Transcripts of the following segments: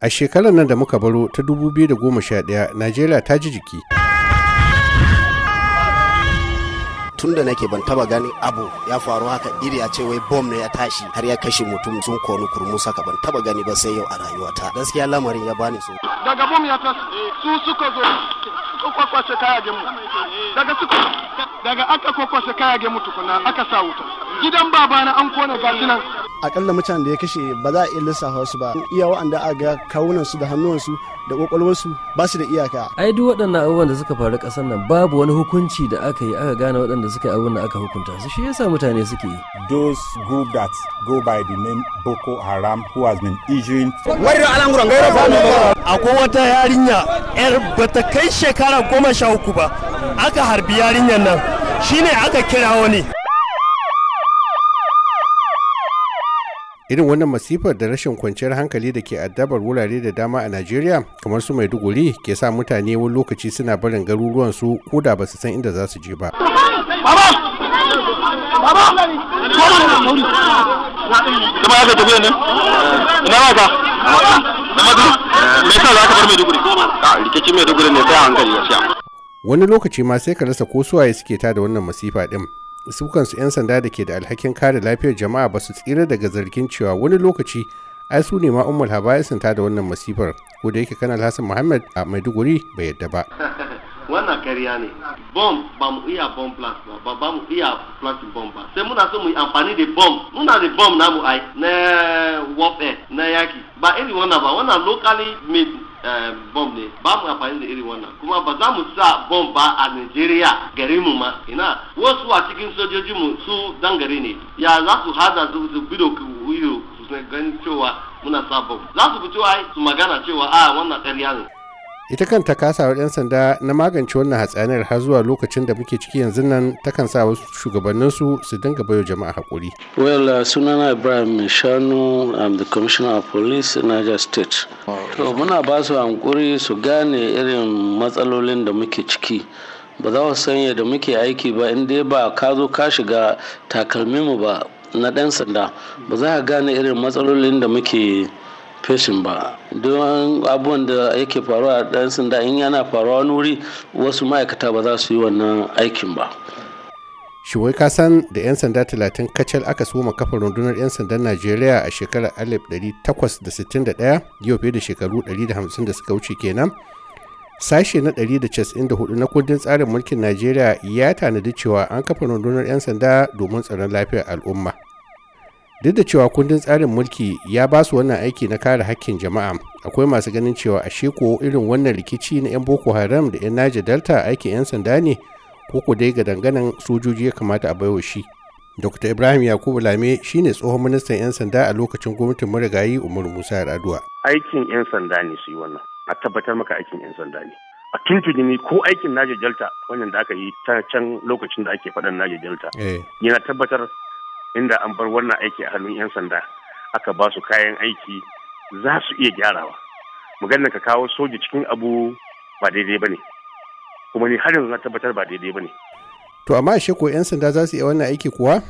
a shekarar nan da muka baro ta 2011 najeriya ta ji jiki tun da nake ban taba gani abu ya faru haka iri a ce wai bom ne ya tashi har ya kashe mutum sun koni kurmus haka ban taba gani ba sai yau a rayuwata gaskiya lamarin ya bani so daga bom ya tashi su suka zo kwakwashe kayagen mu daga suka daga aka kwakwashe kayagen mu tukuna aka sa wuta gidan babana an kone gashi nan akalla mutanen da ya kashe ba za a iya lissafa su ba iya waɗanda a ga kawunan su da hannuwansu da kwakwalwarsu ba su da iyaka ai duk waɗannan abubuwan da suka faru ƙasar nan babu wani hukunci da aka yi aka gane waɗanda suka abubuwan da aka hukunta su shi yasa mutane suke yi those group that go by the name boko haram who has been issuing akwai wata yarinya yar bata kai shekara goma sha uku ba aka harbi yarinyar nan shine aka kira wani irin wannan masifar da rashin kwanciyar hankali da ke addabar wurare da dama a najeriya kamar su maiduguri ke sa mutane wani lokaci suna barin garuruwan ko da ba su san inda za su je ba wani lokaci ma sai ka rasa ko suwaye suke ta da wannan masifa din sukansu 'yan sanda da ke da alhakin kare lafiyar jama'a ba su tsira daga zargin cewa wani lokaci ai su ne ma'ummul haba ya ta da wannan masifar ko da yake kana alhassan muhammad a maiduguri bai yadda ba wannan kariya ne bom ba mu iya bom plant ba ba mu iya planting bom ba sai muna so mu yi amfani da bom muna da bom na mu ai na warfare na yaki ba iri wannan ba wannan locally made Eh, bomb ne ba mu amfani da irin wannan kuma ba za mu sa bomb ba a Najeriya gari mu ma ina wasu a cikin sojoji mu su dan gari ne ya za su haza su bido ku yi ganin cewa muna sa bom za su fito ai su magana cewa a ah, wannan ƙarya ne ita kanta kasawar 'yan sanda na magance wannan hatsaniyar har zuwa lokacin da muke ciki yanzu nan takan sa wasu shugabannin su su dinga bayo jama'a hakuri. well uh, sunana ibrahim shanu i'm the commissioner of police in niger state to muna ba su hankuri su gane irin matsalolin da muke ciki ba za su sanya da muke aiki ba in dai ba ka zo ka shiga mu ba na ɗan sanda ba za ka gane irin matsalolin da muke feshin ba don abubuwan da yake faruwa a ɗan sanda in yana faruwa nuri wasu ma'aikata ba za su yi wannan aikin ba shiwai kasan da 'yan sanda 30 kacal aka soma kafa rundunar 'yan sandan najeriya a shekarar 1861 yau fiye da shekaru 150 da suka wuce kenan sashe na 194 na kudin tsarin mulkin najeriya ya tanadi cewa an kafa rundunar 'yan sanda domin tsaron lafiyar al'umma duk da cewa kundin tsarin mulki ya ba su wannan aiki na kare hakkin jama'a akwai masu ganin cewa ashe ko irin wannan rikici na 'yan boko haram da 'yan naja delta aikin 'yan sanda ne ko ku dai ga danganan sojoji ya kamata a baiwa shi dr ibrahim yakubu lame shine tsohon ministan 'yan sanda a lokacin gwamnatin marigayi umar musa raduwa aikin 'yan sanda ne su yi wannan a tabbatar maka aikin 'yan sanda ne a tuntuni ne ko aikin naja delta wannan da aka yi ta can lokacin da ake faɗan naja delta eh. yana tabbatar inda an bar wannan aiki a hannun 'yan sanda aka ba su kayan aiki za su iya gyarawa maganar ka kawo soja cikin abu ba daidai ba ne kuma ni har yanzu na tabbatar ba daidai ba ne to amma shi ko 'yan sanda za su iya wannan aiki kuwa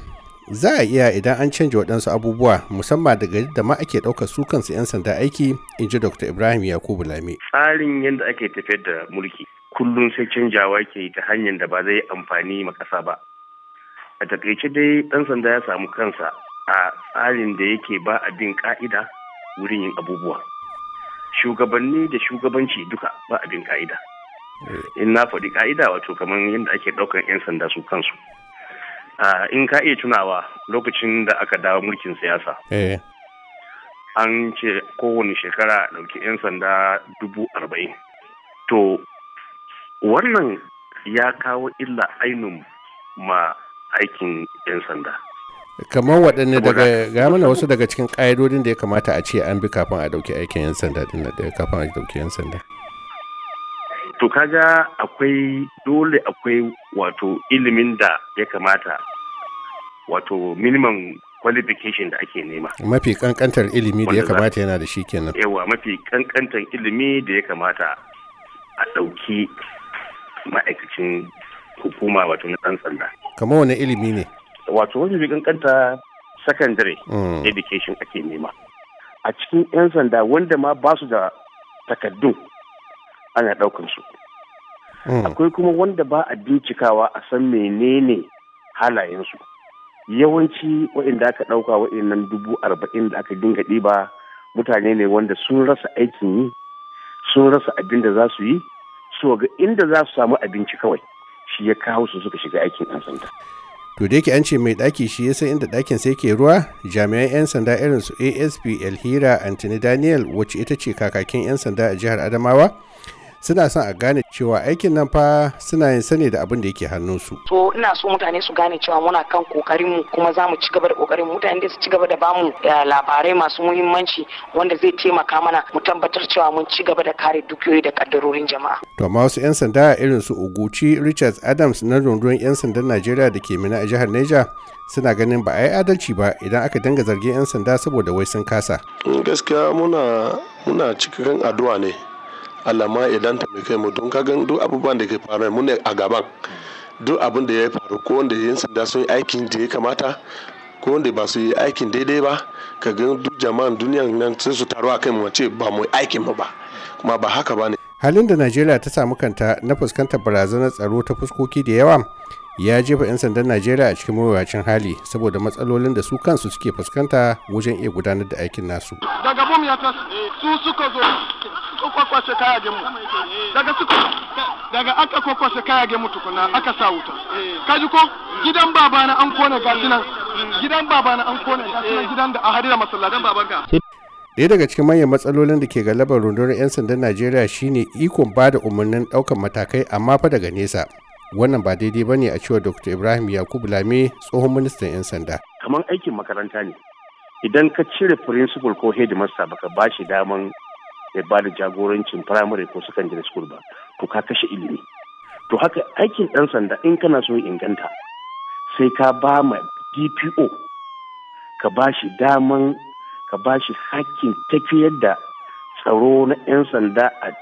za a iya idan an canja waɗansu abubuwa musamman daga yadda ma ake ɗaukar su kansu 'yan sanda aiki in ji dr ibrahim yakubu lami tsarin yadda ake tafiyar da mulki kullum sai canjawa ke ta hanyar da ba zai amfani ma ƙasa ba a takaice dai ɗan sanda ya samu kansa a tsarin da yake ba a bin ka'ida wurin yin abubuwa shugabanni da shugabanci duka ba a bin ka'ida eh. in na faɗi ka'ida wato kamar yadda ake ɗaukar 'yan sanda su kansu in ka iya tunawa lokacin da aka dawo mulkin siyasa eh. an ce kowane shekara ɗauki 'yan sanda dubu arba'in to wannan ya kawo illa ainihin ma aikin 'yan sanda kamar waɗanne daga ga mana wasu daga cikin ƙa'idodin da ya kamata a ce an bi kafin a ɗauki aikin 'yan sanda din da eh, kafin a ɗauki 'yan sanda to kaga akwai dole akwai wato ilimin da ya kamata wato minimum qualification da ake nema mafi kankantar ilimi da ya kamata yana da shi kenan yawa mafi kankantar ilimi da ya kamata a ɗauki ma'aikacin hukuma wato na ɗan sanda kama wani ilimi ne wato wani kankanta secondary hmm. education ake nema a cikin 'yan sanda wanda ma ba su da takaddun ana ɗaukan su hmm. akwai kuma wanda ba a bincikawa a san menene halayen su. yawanci waɗanda aka ɗauka waɗannan dubu arba'in da aka dinga ɗiba mutane ne wanda sun rasa aikin yi sun rasa abin da za su yi so ga inda za su samu abinci kawai shi ya kawo su suka shiga aikin 'yan sanda. to da yake an ce mai ɗaki shi ya san inda ɗakin sai ke ruwa jami'an 'yan sanda irin su asp elhira antony daniel wacce ita ce kakakin 'yan sanda a jihar adamawa suna son a gane cewa aikin nan fa suna yin sani da abin da yake hannunsu. To ina so mutane su gane cewa muna kan kokarin mu kuma zamu mu ci gaba da kokarin mutane da su ci gaba da bamu eh, labarai masu muhimmanci wanda zai taimaka mana mu tabbatar cewa mun ci gaba da kare dukiyoyi da kaddarorin jama'a. To amma wasu 'yan sanda irin su Oguchi Richards Adams na rundunar 'yan sandan Najeriya da ke mina a jihar Neja suna ganin ba a yi adalci ba idan aka dinga zargin 'yan sanda saboda wai sun kasa. Gaskiya muna muna addu'a ne Allah ma idan ta mai kai mu don gan duk abubuwan da ke faru mu ne a gaban duk abin da ya faru ko wanda yin sanda sun yi aikin da ya kamata ko wanda ba su yi aikin daidai ba ka gan duk jama'an duniya nan sun su taru a kai mu ce ba mu aikin mu ba kuma ba haka ba ne halin da Najeriya ta samu kanta na fuskantar barazanar tsaro ta fuskoki da yawa ya jefa 'yan sandan Najeriya a cikin mawuyacin hali saboda matsalolin da su kansu suke fuskanta wajen iya gudanar da aikin nasu. Daga bom ya eh, su suka zo kayage mu daga suka daga aka kwakwasa kayage mu tukuna aka sa wuta kaji ko gidan baba na an kone gashi nan gidan baba na an kone gashi nan gidan da a hadira masallacin babanka daya daga cikin manyan matsalolin da ke galabar rundunar 'yan sandan najeriya shine ikon ba da umarnin ɗaukar matakai amma fa daga nesa wannan ba daidai ba ne a cewa dr ibrahim yakubu lame tsohon ministan 'yan sanda kamar aikin makaranta ne idan ka cire principal ko headmaster baka ba shi daman ya ba da jagorancin primary ko secondary school ba to ka kashe ilimi to haka aikin ɗan sanda in kana so inganta sai ka ba ma dpo ka ba shi daman ka ba shi hakkin tafiyar da tsaro na 'yan sanda a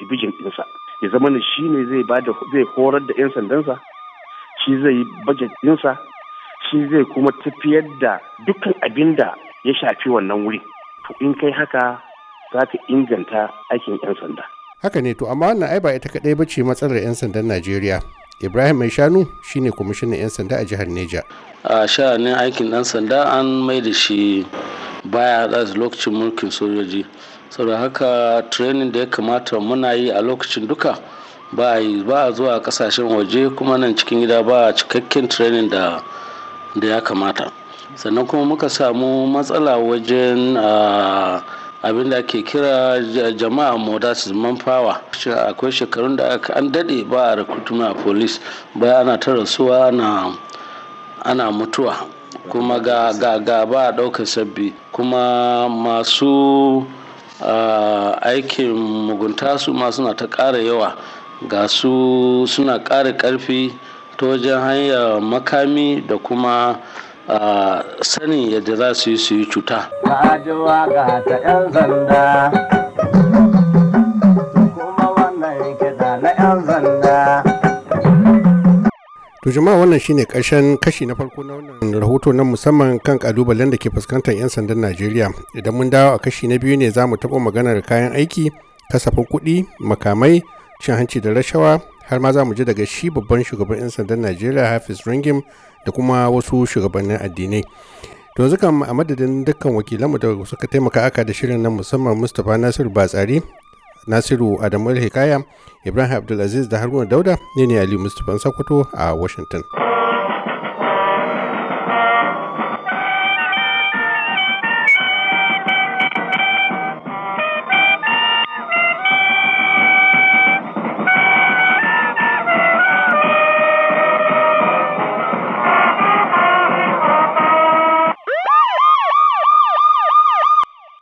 division ɗinsa ya zama da shi ne zai ba zai horar da 'yan sandansa shi zai yi budget ɗinsa shi zai kuma tafiyar da dukkan abinda ya shafi wannan wuri to in kai haka za ta inganta aikin 'yan sanda. Haka ne to amma wannan ai ba ita kaɗai ba ce matsalar 'yan sandan Najeriya. Ibrahim Mai Shanu shine kwamishinan 'yan sanda a jihar Neja. A sha'anin aikin ɗan sanda an mai da shi baya da lokacin mulkin sojoji. Saboda haka training da ya kamata muna yi a lokacin duka ba a zuwa kasashen waje kuma nan cikin gida ba a cikakken training da ya kamata. sannan kuma muka samu matsala wajen uh, abin da ke kira jama'a modas manpower akwai shekarun da an daɗe ba a rikutuna a police ba ana ta rasuwa ana ana mutuwa kuma ga ga ga ba a ɗaukar sabbi kuma masu aikin mugunta su ma suna ta ƙara yawa ga su suna ƙara ƙarfi ta wajen hanyar makami da kuma a sanin yadda za su yi su yi cuta. Ka 'yan sanda. Kuma wannan To jama'a wannan shine karshen kashi na farko na wannan rahoto na musamman kan kalubalen da ke fuskantar 'yan sandan Najeriya. Idan mun dawo a kashi na biyu ne za mu taɓa maganar kayan aiki, kasafin kuɗi, makamai, cin hanci da rashawa, har ma za mu ji daga shi babban shugaban 'yan sandan Najeriya Hafiz Ringim da kuma wasu shugabannin addinai to yanzu kam a madadin dukkan wakilanmu da suka taimaka aka da shirin nan musamman mustapha nasiru batsari nasiru adamu hikaya ibrahim abdulaziz da haruna dauda ne ne ali mustapha sakwato a washington